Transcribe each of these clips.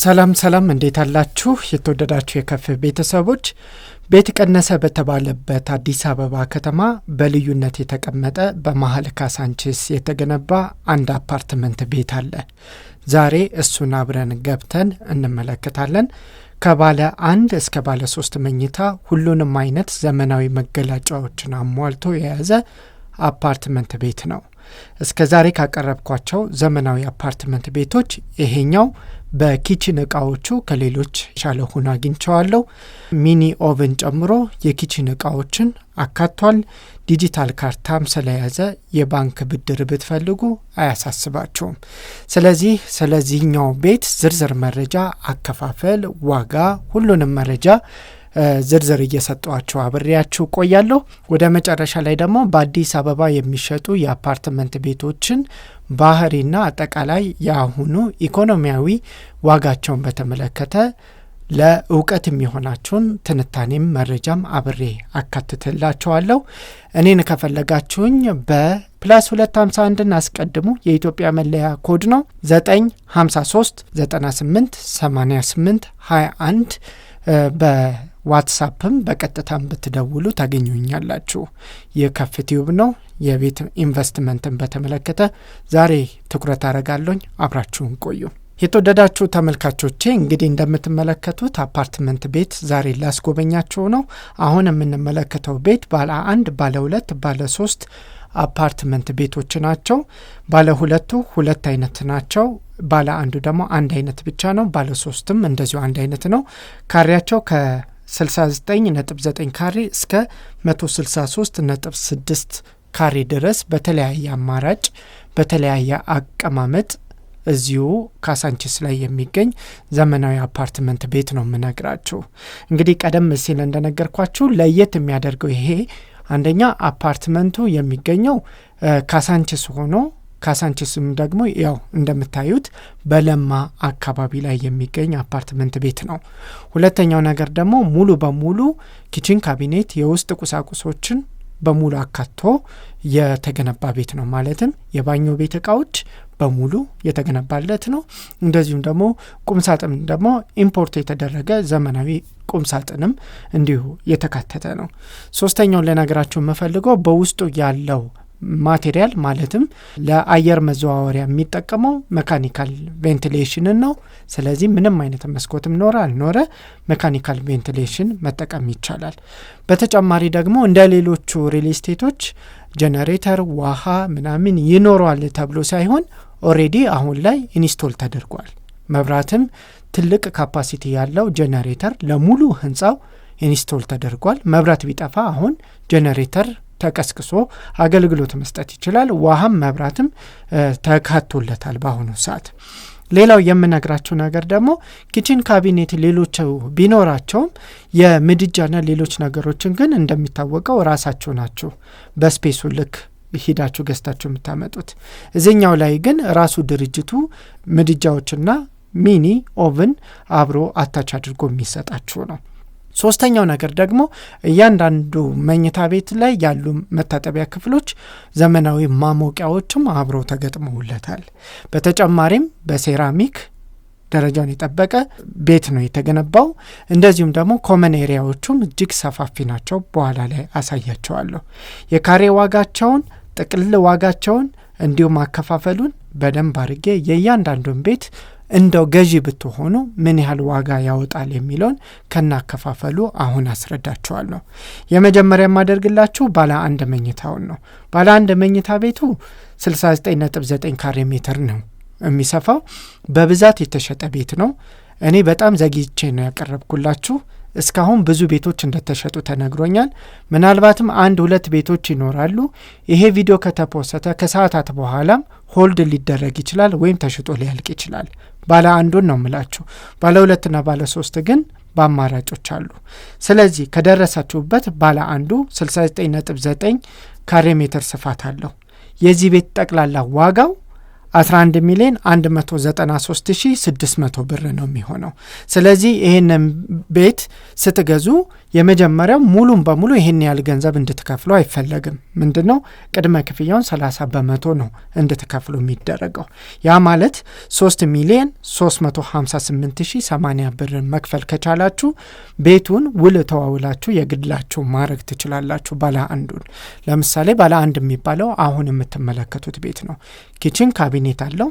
ሰላም ሰላም፣ እንዴት አላችሁ? የተወደዳችሁ የከፍ ቤተሰቦች ቤት ቀነሰ በተባለበት አዲስ አበባ ከተማ በልዩነት የተቀመጠ በመሀል ሳንቼስ የተገነባ አንድ አፓርትመንት ቤት አለ። ዛሬ እሱን አብረን ገብተን እንመለከታለን። ከባለ አንድ እስከ ባለ ሶስት መኝታ ሁሉንም አይነት ዘመናዊ መገለጫዎችን አሟልቶ የያዘ አፓርትመንት ቤት ነው። እስከ ዛሬ ካቀረብኳቸው ዘመናዊ አፓርትመንት ቤቶች ይሄኛው በኪችን እቃዎቹ ከሌሎች የሻለ ሆኖ አግኝቸዋለሁ። ሚኒ ኦቨን ጨምሮ የኪችን እቃዎችን አካቷል። ዲጂታል ካርታም ስለያዘ የባንክ ብድር ብትፈልጉ አያሳስባችሁም። ስለዚህ ስለዚህኛው ቤት ዝርዝር መረጃ፣ አከፋፈል፣ ዋጋ፣ ሁሉንም መረጃ ዝርዝር እየሰጧቸው አብሬያችሁ ቆያለሁ። ወደ መጨረሻ ላይ ደግሞ በአዲስ አበባ የሚሸጡ የአፓርትመንት ቤቶችን ባህሪና አጠቃላይ የአሁኑ ኢኮኖሚያዊ ዋጋቸውን በተመለከተ ለእውቀት የሚሆናችሁን ትንታኔም መረጃም አብሬ አካትትላችኋለሁ። እኔን ከፈለጋችሁኝ በፕላስ 251ን አስቀድሙ የኢትዮጵያ መለያ ኮድ ነው 953 98 88 21 በ ዋትሳፕም በቀጥታም ብትደውሉ ታገኙኛላችሁ። ይህ ከፍቲዩብ ነው። የቤት ኢንቨስትመንትን በተመለከተ ዛሬ ትኩረት አረጋለኝ። አብራችሁን ቆዩ። የተወደዳችሁ ተመልካቾቼ እንግዲህ እንደምትመለከቱት አፓርትመንት ቤት ዛሬ ላስጎበኛችሁ ነው። አሁን የምንመለከተው ቤት ባለ አንድ፣ ባለ ሁለት፣ ባለ ሶስት አፓርትመንት ቤቶች ናቸው። ባለ ሁለቱ ሁለት አይነት ናቸው። ባለ አንዱ ደግሞ አንድ አይነት ብቻ ነው። ባለ ሶስትም እንደዚሁ አንድ አይነት ነው። ካሬያቸው ከ 69.9 ካሬ እስከ 163.6 ካሬ ድረስ በተለያየ አማራጭ በተለያየ አቀማመጥ እዚሁ ካሳንቺስ ላይ የሚገኝ ዘመናዊ አፓርትመንት ቤት ነው የምነግራችሁ። እንግዲህ ቀደም ሲል እንደነገርኳችሁ ለየት የሚያደርገው ይሄ አንደኛ አፓርትመንቱ የሚገኘው ካሳንቺስ ሆኖ ካሳንቺስም ደግሞ ያው እንደምታዩት በለማ አካባቢ ላይ የሚገኝ አፓርትመንት ቤት ነው። ሁለተኛው ነገር ደግሞ ሙሉ በሙሉ ኪችን ካቢኔት፣ የውስጥ ቁሳቁሶችን በሙሉ አካቶ የተገነባ ቤት ነው። ማለትም የባኞ ቤት እቃዎች በሙሉ የተገነባለት ነው። እንደዚሁም ደግሞ ቁምሳጥን ደግሞ ኢምፖርት የተደረገ ዘመናዊ ቁምሳጥንም እንዲሁ የተካተተ ነው። ሶስተኛውን ለነገራቸው የምፈልገው በውስጡ ያለው ማቴሪያል ማለትም ለአየር መዘዋወሪያ የሚጠቀመው መካኒካል ቬንቲሌሽንን ነው። ስለዚህ ምንም አይነት መስኮትም ኖረ አልኖረ መካኒካል ቬንቲሌሽን መጠቀም ይቻላል። በተጨማሪ ደግሞ እንደ ሌሎቹ ሪል ስቴቶች ጀነሬተር፣ ውሃ ምናምን ይኖረዋል ተብሎ ሳይሆን ኦሬዲ አሁን ላይ ኢንስቶል ተደርጓል። መብራትም ትልቅ ካፓሲቲ ያለው ጀነሬተር ለሙሉ ህንፃው ኢንስቶል ተደርጓል። መብራት ቢጠፋ አሁን ጀነሬተር ተቀስቅሶ አገልግሎት መስጠት ይችላል። ውሃም መብራትም ተካቶለታል በአሁኑ ሰዓት። ሌላው የምነግራቸው ነገር ደግሞ ኪችን ካቢኔት ሌሎች ቢኖራቸውም የምድጃና ሌሎች ነገሮችን ግን እንደሚታወቀው ራሳችሁ ናችሁ በስፔሱ ልክ ሂዳችሁ ገዝታችሁ የምታመጡት። እዚህኛው ላይ ግን ራሱ ድርጅቱ ምድጃዎችና ሚኒ ኦቭን አብሮ አታች አድርጎ የሚሰጣችሁ ነው። ሶስተኛው ነገር ደግሞ እያንዳንዱ መኝታ ቤት ላይ ያሉ መታጠቢያ ክፍሎች ዘመናዊ ማሞቂያዎችም አብሮ ተገጥመውለታል። በተጨማሪም በሴራሚክ ደረጃውን የጠበቀ ቤት ነው የተገነባው። እንደዚሁም ደግሞ ኮመን ኤሪያዎቹም እጅግ ሰፋፊ ናቸው። በኋላ ላይ አሳያቸዋለሁ። የካሬ ዋጋቸውን፣ ጥቅል ዋጋቸውን እንዲሁም አከፋፈሉን በደንብ አድርጌ የእያንዳንዱን ቤት እንደው ገዢ ብትሆኑ ምን ያህል ዋጋ ያወጣል የሚለውን ከናከፋፈሉ አሁን ነው። የመጀመሪያ የማደርግላችሁ ባለ አንድ መኝታውን ነው። ባለ አንድ መኝታ ቤቱ 69.9 ካሬ ሜትር ነው የሚሰፋው። በብዛት የተሸጠ ቤት ነው። እኔ በጣም ዘግይቼ ነው ያቀረብኩላችሁ። እስካሁን ብዙ ቤቶች እንደተሸጡ ተነግሮኛል። ምናልባትም አንድ ሁለት ቤቶች ይኖራሉ። ይሄ ቪዲዮ ከተፖሰተ ከሰዓታት በኋላም ሆልድ ሊደረግ ይችላል ወይም ተሽጦ ሊያልቅ ይችላል። ባለ አንዱን ነው የምላችሁ። ባለ ሁለትና ባለ ሶስት ግን በአማራጮች አሉ። ስለዚህ ከደረሳችሁበት ባለ አንዱ 69.9 ካሬ ሜትር ስፋት አለው። የዚህ ቤት ጠቅላላ ዋጋው 11 ሚሊዮን 193600 ብር ነው የሚሆነው። ስለዚህ ይህንን ቤት ስትገዙ የመጀመሪያው ሙሉን በሙሉ ይህን ያህል ገንዘብ እንድትከፍሉ አይፈለግም። ምንድን ነው ቅድመ ክፍያውን 30 በመቶ ነው እንድትከፍሉ የሚደረገው። ያ ማለት 3 ሚሊዮን 358,080 ብርን መክፈል ከቻላችሁ ቤቱን ውል ተዋውላችሁ የግላችሁ ማድረግ ትችላላችሁ። ባለ አንዱን ለምሳሌ ባለ አንድ የሚባለው አሁን የምትመለከቱት ቤት ነው። ኪችን ካቢኔት አለው።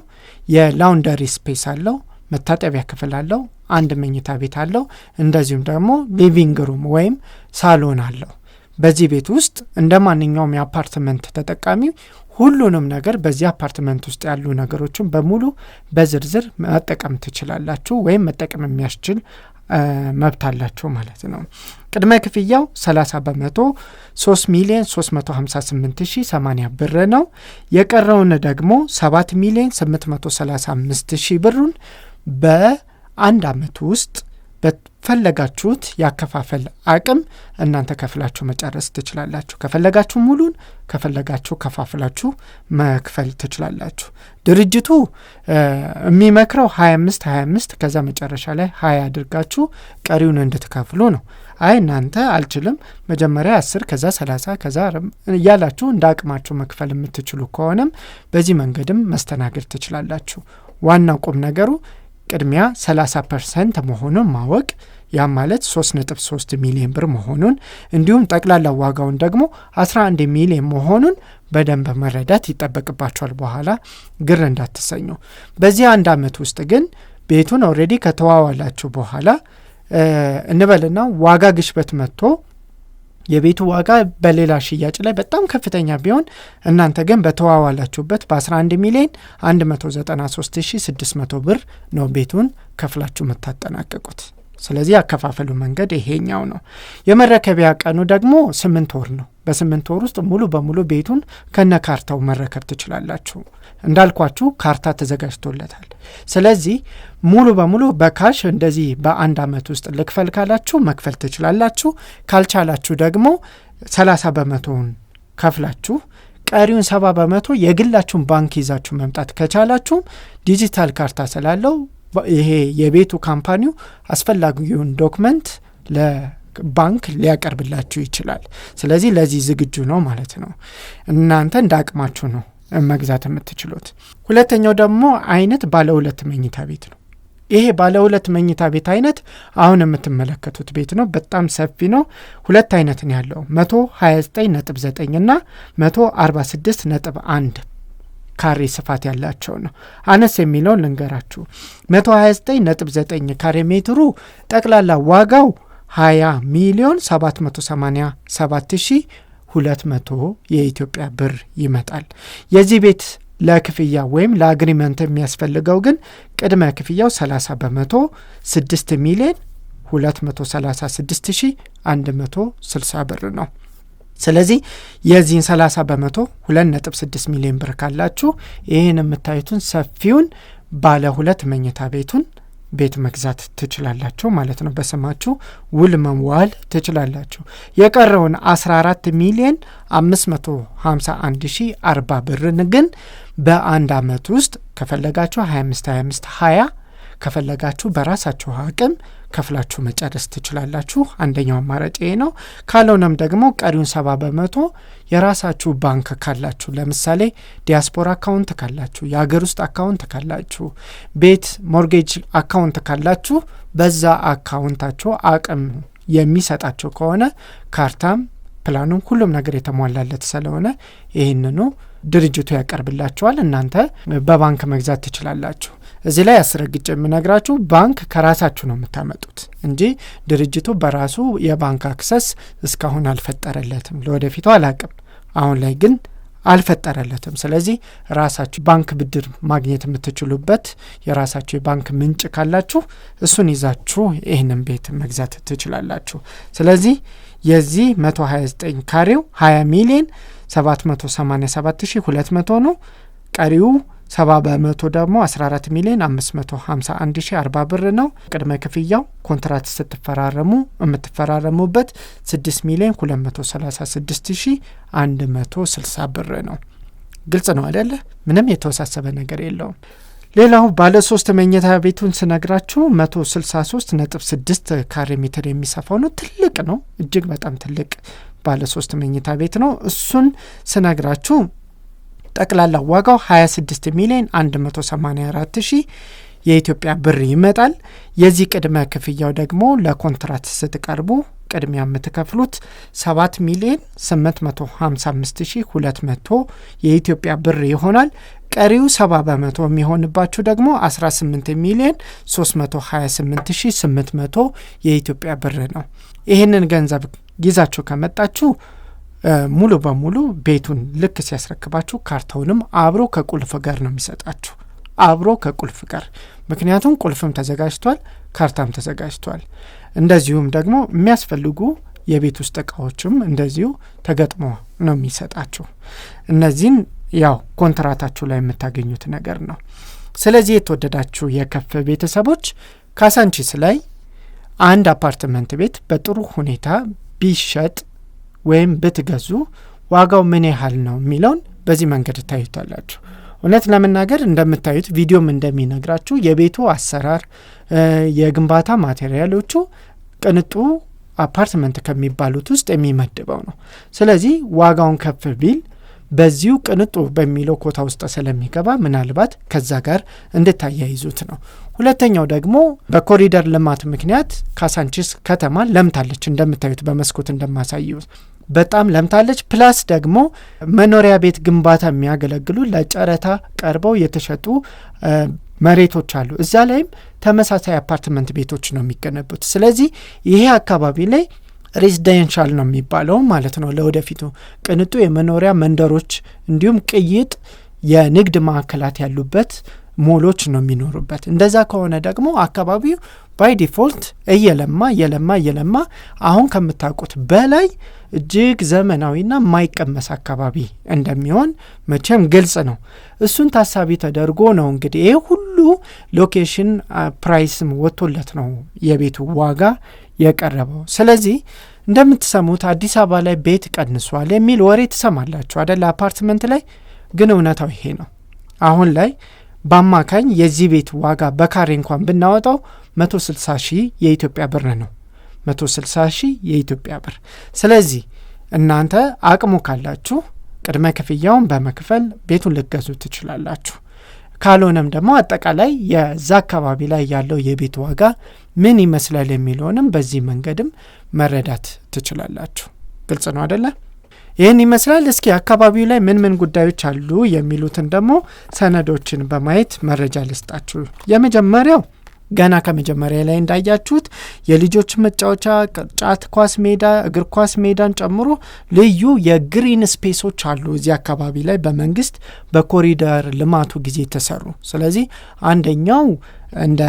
የላውንደሪ ስፔስ አለው። መታጠቢያ ክፍል አለው፣ አንድ መኝታ ቤት አለው፣ እንደዚሁም ደግሞ ሊቪንግ ሩም ወይም ሳሎን አለው። በዚህ ቤት ውስጥ እንደ ማንኛውም የአፓርትመንት ተጠቃሚ ሁሉንም ነገር በዚህ አፓርትመንት ውስጥ ያሉ ነገሮችን በሙሉ በዝርዝር መጠቀም ትችላላችሁ ወይም መጠቀም የሚያስችል መብት አላቸው ማለት ነው። ቅድመ ክፍያው 30 በመቶ 3 ሚሊዮን 3580 ብር ነው። የቀረውን ደግሞ 7 ሚሊዮን 835 ሺህ ብሩን በአንድ አመት ውስጥ በፈለጋችሁት ያከፋፈል አቅም እናንተ ከፍላችሁ መጨረስ ትችላላችሁ። ከፈለጋችሁ ሙሉን፣ ከፈለጋችሁ ከፋፍላችሁ መክፈል ትችላላችሁ። ድርጅቱ የሚመክረው 25 25 ከዛ መጨረሻ ላይ 20 አድርጋችሁ ቀሪውን እንድትከፍሉ ነው። አይ እናንተ አልችልም፣ መጀመሪያ 10 ከዛ 30 ከዛ እያላችሁ እንደ አቅማችሁ መክፈል የምትችሉ ከሆነም በዚህ መንገድም መስተናገድ ትችላላችሁ። ዋናው ቁም ነገሩ ቅድሚያ 30 ፐርሰንት መሆኑን ማወቅ ያም ማለት 3.3 ሚሊዮን ብር መሆኑን እንዲሁም ጠቅላላ ዋጋውን ደግሞ 11 ሚሊዮን መሆኑን በደንብ መረዳት ይጠበቅባቸዋል። በኋላ ግር እንዳትሰኙ። በዚህ አንድ ዓመት ውስጥ ግን ቤቱን ኦልሬዲ ከተዋዋላችሁ በኋላ እንበልና ዋጋ ግሽበት መጥቶ የቤቱ ዋጋ በሌላ ሽያጭ ላይ በጣም ከፍተኛ ቢሆን እናንተ ግን በተዋዋላችሁበት በ11 ሚሊዮን 193,600 ብር ነው ቤቱን ከፍላችሁ የምታጠናቀቁት። ስለዚህ ያከፋፈሉ መንገድ ይሄኛው ነው። የመረከቢያ ቀኑ ደግሞ ስምንት ወር ነው። በስምንት ወር ውስጥ ሙሉ በሙሉ ቤቱን ከነ ካርታው መረከብ ትችላላችሁ። እንዳልኳችሁ ካርታ ተዘጋጅቶለታል። ስለዚህ ሙሉ በሙሉ በካሽ እንደዚህ በአንድ ዓመት ውስጥ ልክፈል ካላችሁ መክፈል ትችላላችሁ። ካልቻላችሁ ደግሞ ሰላሳ በመቶውን ከፍላችሁ ቀሪውን ሰባ በመቶ የግላችሁን ባንክ ይዛችሁ መምጣት ከቻላችሁም ዲጂታል ካርታ ስላለው ይሄ የቤቱ ካምፓኒው አስፈላጊውን ዶክመንት ለባንክ ሊያቀርብላችሁ ይችላል። ስለዚህ ለዚህ ዝግጁ ነው ማለት ነው። እናንተ እንደ አቅማችሁ ነው መግዛት የምትችሉት። ሁለተኛው ደግሞ አይነት ባለ ሁለት መኝታ ቤት ነው። ይሄ ባለ ሁለት መኝታ ቤት አይነት አሁን የምትመለከቱት ቤት ነው። በጣም ሰፊ ነው። ሁለት አይነት ነው ያለው 129.9 እና 1። ካሬ ስፋት ያላቸው ነው። አነስ የሚለው ልንገራችሁ መቶ 129.9 ካሬ ሜትሩ ጠቅላላ ዋጋው 20 ሚሊዮን 787,200 የኢትዮጵያ ብር ይመጣል። የዚህ ቤት ለክፍያ ወይም ለአግሪመንት የሚያስፈልገው ግን ቅድመ ክፍያው 30 በመቶ 6 ሚሊዮን 236,160 ብር ነው። ስለዚህ የዚህን 30 በመቶ 2.6 ሚሊዮን ብር ካላችሁ ይህን የምታዩትን ሰፊውን ባለ ሁለት መኝታ ቤቱን ቤት መግዛት ትችላላችሁ ማለት ነው። በስማችሁ ውል መዋል ትችላላችሁ። የቀረውን 14 ሚሊዮን 551 ሺ 40 ብርን ግን በአንድ አመት ውስጥ ከፈለጋችሁ 25 25 20 ከፈለጋችሁ በራሳችሁ አቅም ከፍላችሁ መጨረስ ትችላላችሁ። አንደኛው አማራጭ ይሄ ነው። ካልሆነም ደግሞ ቀሪውን ሰባ በመቶ የራሳችሁ ባንክ ካላችሁ፣ ለምሳሌ ዲያስፖራ አካውንት ካላችሁ፣ የሀገር ውስጥ አካውንት ካላችሁ፣ ቤት ሞርጌጅ አካውንት ካላችሁ በዛ አካውንታችሁ አቅም የሚሰጣቸው ከሆነ ካርታም ፕላኑም ሁሉም ነገር የተሟላለት ስለሆነ ይህንኑ ድርጅቱ ያቀርብላችኋል። እናንተ በባንክ መግዛት ትችላላችሁ። እዚህ ላይ አስረግጬ የምነግራችሁ ባንክ ከራሳችሁ ነው የምታመጡት እንጂ ድርጅቱ በራሱ የባንክ አክሰስ እስካሁን አልፈጠረለትም። ለወደፊቱ አላቅም። አሁን ላይ ግን አልፈጠረለትም። ስለዚህ ራሳችሁ ባንክ ብድር ማግኘት የምትችሉበት የራሳችሁ የባንክ ምንጭ ካላችሁ እሱን ይዛችሁ ይህንን ቤት መግዛት ትችላላችሁ። ስለዚህ የዚህ 129 ካሬው 20 ሚሊዮን 787200 ነው። ቀሪው ሰባ በመቶ ደግሞ 14 ሚሊዮን 551 ሺ 40 ብር ነው። ቅድመ ክፍያው ኮንትራት ስትፈራረሙ የምትፈራረሙበት 6 ሚሊዮን 236 ሺ 160 ብር ነው። ግልጽ ነው አይደለ? ምንም የተወሳሰበ ነገር የለውም። ሌላው ባለ ሶስት መኝታ ቤቱን ስነግራችሁ 163 ነጥብ 6 ካሬ ሜትር የሚሰፋው ነው። ትልቅ ነው፣ እጅግ በጣም ትልቅ ባለ ሶስት መኝታ ቤት ነው። እሱን ስነግራችሁ ጠቅላላ ዋጋው 26 ሚሊዮን 184 ሺህ የኢትዮጵያ ብር ይመጣል። የዚህ ቅድመ ክፍያው ደግሞ ለኮንትራት ስትቀርቡ ቅድሚያ የምትከፍሉት 7 ሚሊዮን 855 200 የኢትዮጵያ ብር ይሆናል። ቀሪው 70 በመቶ የሚሆንባችሁ ደግሞ 18 ሚሊዮን 328ሺ 800 የኢትዮጵያ ብር ነው። ይህንን ገንዘብ ይዛችሁ ከመጣችሁ ሙሉ በሙሉ ቤቱን ልክ ሲያስረክባችሁ ካርታውንም አብሮ ከቁልፍ ጋር ነው የሚሰጣችሁ፣ አብሮ ከቁልፍ ጋር ምክንያቱም ቁልፍም ተዘጋጅቷል፣ ካርታም ተዘጋጅቷል። እንደዚሁም ደግሞ የሚያስፈልጉ የቤት ውስጥ እቃዎችም እንደዚሁ ተገጥሞ ነው የሚሰጣችሁ። እነዚህን ያው ኮንትራታችሁ ላይ የምታገኙት ነገር ነው። ስለዚህ የተወደዳችሁ የከፍ ቤተሰቦች ካሳንቺስ ላይ አንድ አፓርትመንት ቤት በጥሩ ሁኔታ ቢሸጥ ወይም ብትገዙ ዋጋው ምን ያህል ነው የሚለውን በዚህ መንገድ ታዩታላችሁ። እውነት ለመናገር እንደምታዩት ቪዲዮም እንደሚነግራችሁ የቤቱ አሰራር፣ የግንባታ ማቴሪያሎቹ ቅንጡ አፓርትመንት ከሚባሉት ውስጥ የሚመድበው ነው። ስለዚህ ዋጋውን ከፍ ቢል በዚሁ ቅንጡ በሚለው ኮታ ውስጥ ስለሚገባ ምናልባት ከዛ ጋር እንድታያይዙት ነው። ሁለተኛው ደግሞ በኮሪደር ልማት ምክንያት ካሳንቺስ ከተማ ለምታለች። እንደምታዩት በመስኮት እንደማሳይ በጣም ለምታለች። ፕላስ ደግሞ መኖሪያ ቤት ግንባታ የሚያገለግሉ ለጨረታ ቀርበው የተሸጡ መሬቶች አሉ። እዛ ላይም ተመሳሳይ አፓርትመንት ቤቶች ነው የሚገነቡት። ስለዚህ ይሄ አካባቢ ላይ ሬዚደንሻል ነው የሚባለው ማለት ነው። ለወደፊቱ ቅንጡ የመኖሪያ መንደሮች እንዲሁም ቅይጥ የንግድ ማዕከላት ያሉበት ሞሎች ነው የሚኖሩበት። እንደዛ ከሆነ ደግሞ አካባቢው ባይ ዲፎልት እየለማ እየለማ እየለማ አሁን ከምታውቁት በላይ እጅግ ዘመናዊና ማይቀመስ አካባቢ እንደሚሆን መቼም ግልጽ ነው። እሱን ታሳቢ ተደርጎ ነው እንግዲህ ይህ ሁሉ ሎኬሽን ፕራይስም ወጥቶለት ነው የቤቱ ዋጋ የቀረበው። ስለዚህ እንደምትሰሙት አዲስ አበባ ላይ ቤት ቀንሷል የሚል ወሬ ትሰማላችሁ አደለ? አፓርትመንት ላይ ግን እውነታው ይሄ ነው አሁን ላይ በአማካኝ የዚህ ቤት ዋጋ በካሬ እንኳን ብናወጣው 160 ሺህ የኢትዮጵያ ብር ነው። 160 ሺህ የኢትዮጵያ ብር። ስለዚህ እናንተ አቅሙ ካላችሁ ቅድመ ክፍያውን በመክፈል ቤቱን ልገዙ ትችላላችሁ። ካልሆነም ደግሞ አጠቃላይ የዛ አካባቢ ላይ ያለው የቤት ዋጋ ምን ይመስላል የሚለውንም በዚህ መንገድም መረዳት ትችላላችሁ። ግልጽ ነው አደለም? ይህን ይመስላል። እስኪ አካባቢው ላይ ምን ምን ጉዳዮች አሉ የሚሉትን ደግሞ ሰነዶችን በማየት መረጃ ልስጣችሁ። የመጀመሪያው ገና ከመጀመሪያ ላይ እንዳያችሁት የልጆች መጫወቻ ቅርጫት ኳስ ሜዳ፣ እግር ኳስ ሜዳን ጨምሮ ልዩ የግሪን ስፔሶች አሉ እዚህ አካባቢ ላይ በመንግስት በኮሪደር ልማቱ ጊዜ ተሰሩ። ስለዚህ አንደኛው እንደ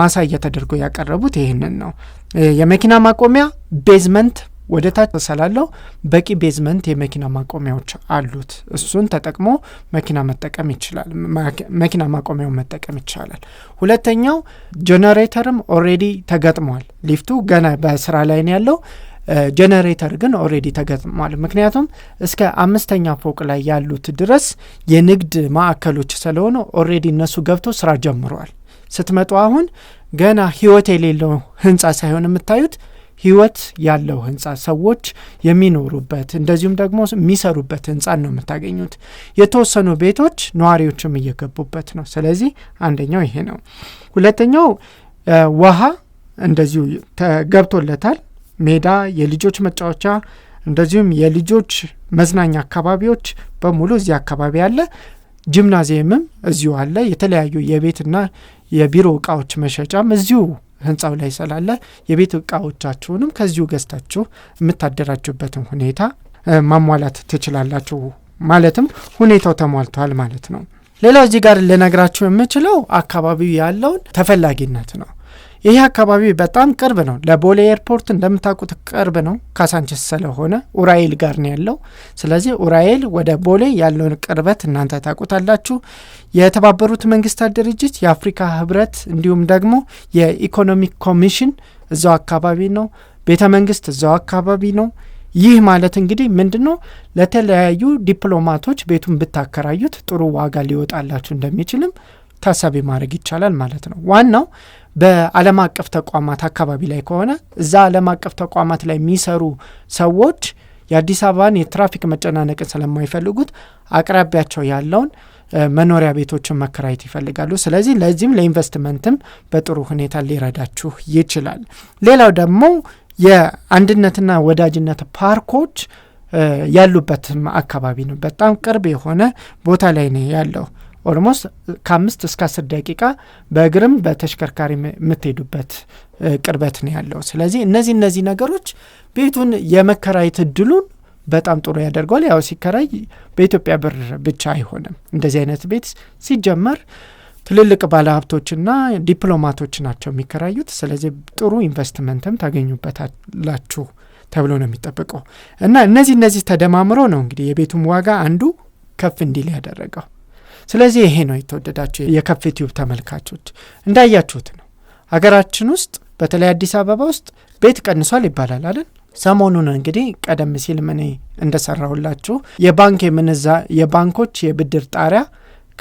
ማሳያ ተደርጎ ያቀረቡት ይህንን ነው። የመኪና ማቆሚያ ቤዝመንት ወደ ታች ተሰላለው በቂ ቤዝመንት የመኪና ማቆሚያዎች አሉት። እሱን ተጠቅሞ መኪና መጠቀም ይችላል። መኪና ማቆሚያውን መጠቀም ይቻላል። ሁለተኛው ጀነሬተርም ኦሬዲ ተገጥሟል። ሊፍቱ ገና በስራ ላይ ነው ያለው። ጀነሬተር ግን ኦሬዲ ተገጥሟል። ምክንያቱም እስከ አምስተኛ ፎቅ ላይ ያሉት ድረስ የንግድ ማዕከሎች ስለሆነ ኦሬዲ እነሱ ገብቶ ስራ ጀምረዋል። ስትመጡ አሁን ገና ህይወት የሌለው ህንፃ ሳይሆን የምታዩት ህይወት ያለው ህንፃ ሰዎች የሚኖሩበት እንደዚሁም ደግሞ የሚሰሩበት ህንፃ ነው የምታገኙት። የተወሰኑ ቤቶች ነዋሪዎችም እየገቡበት ነው። ስለዚህ አንደኛው ይሄ ነው። ሁለተኛው ውሃ እንደዚሁ ተገብቶለታል። ሜዳ፣ የልጆች መጫወቻ እንደዚሁም የልጆች መዝናኛ አካባቢዎች በሙሉ እዚህ አካባቢ አለ። ጂምናዚየምም እዚሁ አለ። የተለያዩ የቤትና የቢሮ እቃዎች መሸጫም እዚሁ ህንፃው ላይ ስላለ የቤት እቃዎቻችሁንም ከዚሁ ገዝታችሁ የምታደራጁበትን ሁኔታ ማሟላት ትችላላችሁ። ማለትም ሁኔታው ተሟልቷል ማለት ነው። ሌላው እዚህ ጋር ልነግራችሁ የምችለው አካባቢው ያለውን ተፈላጊነት ነው። ይህ አካባቢ በጣም ቅርብ ነው ለቦሌ ኤርፖርት እንደምታውቁት ቅርብ ነው። ካሳንችስ ስለሆነ ኡራኤል ጋር ነው ያለው። ስለዚህ ኡራኤል ወደ ቦሌ ያለውን ቅርበት እናንተ ታውቁታላችሁ። የተባበሩት መንግስታት ድርጅት፣ የአፍሪካ ህብረት እንዲሁም ደግሞ የኢኮኖሚክ ኮሚሽን እዛው አካባቢ ነው። ቤተ መንግስት እዛው አካባቢ ነው። ይህ ማለት እንግዲህ ምንድን ነው? ለተለያዩ ዲፕሎማቶች ቤቱን ብታከራዩት ጥሩ ዋጋ ሊወጣላችሁ እንደሚችልም ታሳቢ ማድረግ ይቻላል ማለት ነው ዋናው በዓለም አቀፍ ተቋማት አካባቢ ላይ ከሆነ እዛ ዓለም አቀፍ ተቋማት ላይ የሚሰሩ ሰዎች የአዲስ አበባን የትራፊክ መጨናነቅን ስለማይፈልጉት አቅራቢያቸው ያለውን መኖሪያ ቤቶችን መከራየት ይፈልጋሉ። ስለዚህ ለዚህም ለኢንቨስትመንትም በጥሩ ሁኔታ ሊረዳችሁ ይችላል። ሌላው ደግሞ የአንድነትና ወዳጅነት ፓርኮች ያሉበትም አካባቢ ነው። በጣም ቅርብ የሆነ ቦታ ላይ ነው ያለው። ኦልሞስት ከአምስት እስከ አስር ደቂቃ በእግርም በተሽከርካሪ የምትሄዱበት ቅርበት ነው ያለው። ስለዚህ እነዚህ እነዚህ ነገሮች ቤቱን የመከራየት እድሉን በጣም ጥሩ ያደርገዋል። ያው ሲከራይ በኢትዮጵያ ብር ብቻ አይሆንም። እንደዚህ አይነት ቤት ሲጀመር ትልልቅ ባለሀብቶችና ዲፕሎማቶች ናቸው የሚከራዩት። ስለዚህ ጥሩ ኢንቨስትመንትም ታገኙበታላችሁ ተብሎ ነው የሚጠበቀው እና እነዚህ እነዚህ ተደማምሮ ነው እንግዲህ የቤቱም ዋጋ አንዱ ከፍ እንዲል ያደረገው። ስለዚህ ይሄ ነው የተወደዳቸው የከፍ ቲዩብ ተመልካቾች እንዳያችሁት ነው ሀገራችን ውስጥ በተለይ አዲስ አበባ ውስጥ ቤት ቀንሷል ይባላል አለን ሰሞኑን እንግዲህ ቀደም ሲል እኔ እንደሰራሁላችሁ የባንክ የምንዛ የባንኮች የብድር ጣሪያ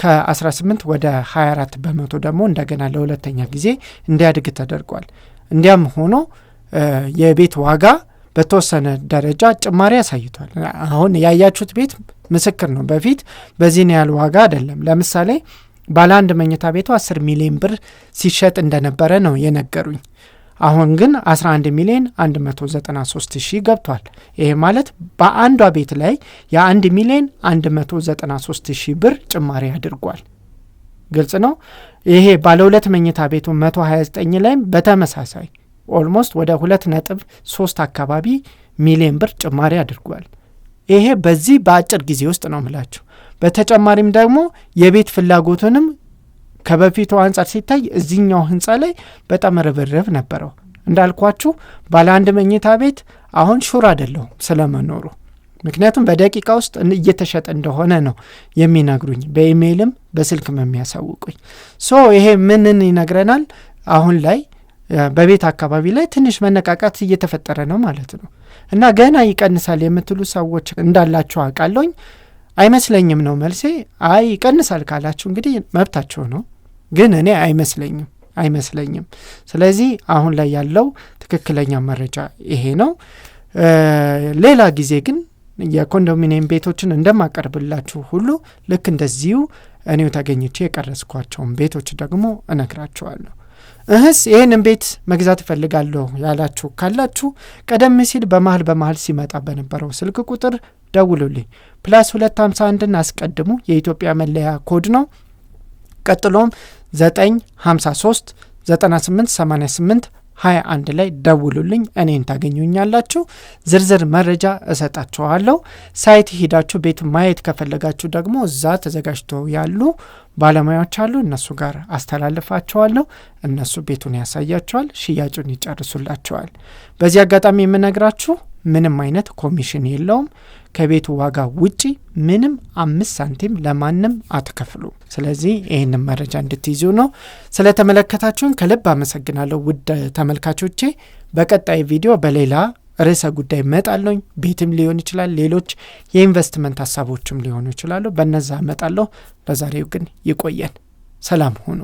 ከ18 ወደ 24 በመቶ ደግሞ እንደገና ለሁለተኛ ጊዜ እንዲያድግ ተደርጓል። እንዲያም ሆኖ የቤት ዋጋ በተወሰነ ደረጃ ጭማሪ አሳይቷል። አሁን ያያችሁት ቤት ምስክር ነው። በፊት በዚህን ያህል ዋጋ አይደለም። ለምሳሌ ባለ አንድ መኝታ ቤቱ 10 ሚሊዮን ብር ሲሸጥ እንደነበረ ነው የነገሩኝ። አሁን ግን 11 ሚሊዮን 193 ሺህ ገብቷል። ይሄ ማለት በአንዷ ቤት ላይ የ1 ሚሊዮን 193 ሺህ ብር ጭማሪ አድርጓል። ግልጽ ነው። ይሄ ባለ ሁለት መኝታ ቤቱ 129 ላይም በተመሳሳይ ኦልሞስት ወደ ሁለት ነጥብ ሶስት አካባቢ ሚሊዮን ብር ጭማሪ አድርጓል። ይሄ በዚህ በአጭር ጊዜ ውስጥ ነው ምላችሁ። በተጨማሪም ደግሞ የቤት ፍላጎቱንም ከበፊቱ አንጻር ሲታይ እዚህኛው ህንፃ ላይ በጣም ርብርብ ነበረው። እንዳልኳችሁ ባለ አንድ መኝታ ቤት አሁን ሹር አይደለሁም ስለመኖሩ፣ ምክንያቱም በደቂቃ ውስጥ እየተሸጠ እንደሆነ ነው የሚነግሩኝ፣ በኢሜይልም በስልክም የሚያሳውቁኝ። ሶ ይሄ ምንን ይነግረናል አሁን ላይ በቤት አካባቢ ላይ ትንሽ መነቃቃት እየተፈጠረ ነው ማለት ነው። እና ገና ይቀንሳል የምትሉ ሰዎች እንዳላችሁ አውቃለሁኝ። አይመስለኝም ነው መልሴ። አይ ይቀንሳል ካላችሁ እንግዲህ መብታችሁ ነው፣ ግን እኔ አይመስለኝም አይመስለኝም። ስለዚህ አሁን ላይ ያለው ትክክለኛ መረጃ ይሄ ነው። ሌላ ጊዜ ግን የኮንዶሚኒየም ቤቶችን እንደማቀርብላችሁ ሁሉ ልክ እንደዚሁ እኔው ተገኝቼ የቀረስኳቸውን ቤቶች ደግሞ እነግራችኋለሁ። እህስ ይህንን ቤት መግዛት እፈልጋለሁ ያላችሁ ካላችሁ ቀደም ሲል በመሀል በመሀል ሲመጣ በነበረው ስልክ ቁጥር ደውሉልኝ። ፕላስ 251ን አስቀድሙ፣ የኢትዮጵያ መለያ ኮድ ነው። ቀጥሎም 953 9888 21 ላይ ደውሉልኝ፣ እኔን ታገኙኛላችሁ። ዝርዝር መረጃ እሰጣችኋለሁ። ሳይት ሄዳችሁ ቤት ማየት ከፈለጋችሁ ደግሞ እዛ ተዘጋጅቶ ያሉ ባለሙያዎች አሉ። እነሱ ጋር አስተላልፋቸዋለሁ። እነሱ ቤቱን ያሳያቸዋል ሽያጩን ይጨርሱላቸዋል። በዚህ አጋጣሚ የምነግራችሁ ምንም አይነት ኮሚሽን የለውም። ከቤቱ ዋጋ ውጪ ምንም አምስት ሳንቲም ለማንም አትከፍሉ። ስለዚህ ይህንን መረጃ እንድትይዙ ነው። ስለተመለከታችሁን ከልብ አመሰግናለሁ ውድ ተመልካቾቼ። በቀጣይ ቪዲዮ በሌላ ርዕሰ ጉዳይ እመጣለሁ። ቤትም ሊሆን ይችላል፣ ሌሎች የኢንቨስትመንት ሀሳቦችም ሊሆኑ ይችላሉ። በነዛ እመጣለሁ። ለዛሬው ግን ይቆየን። ሰላም ሁኑ።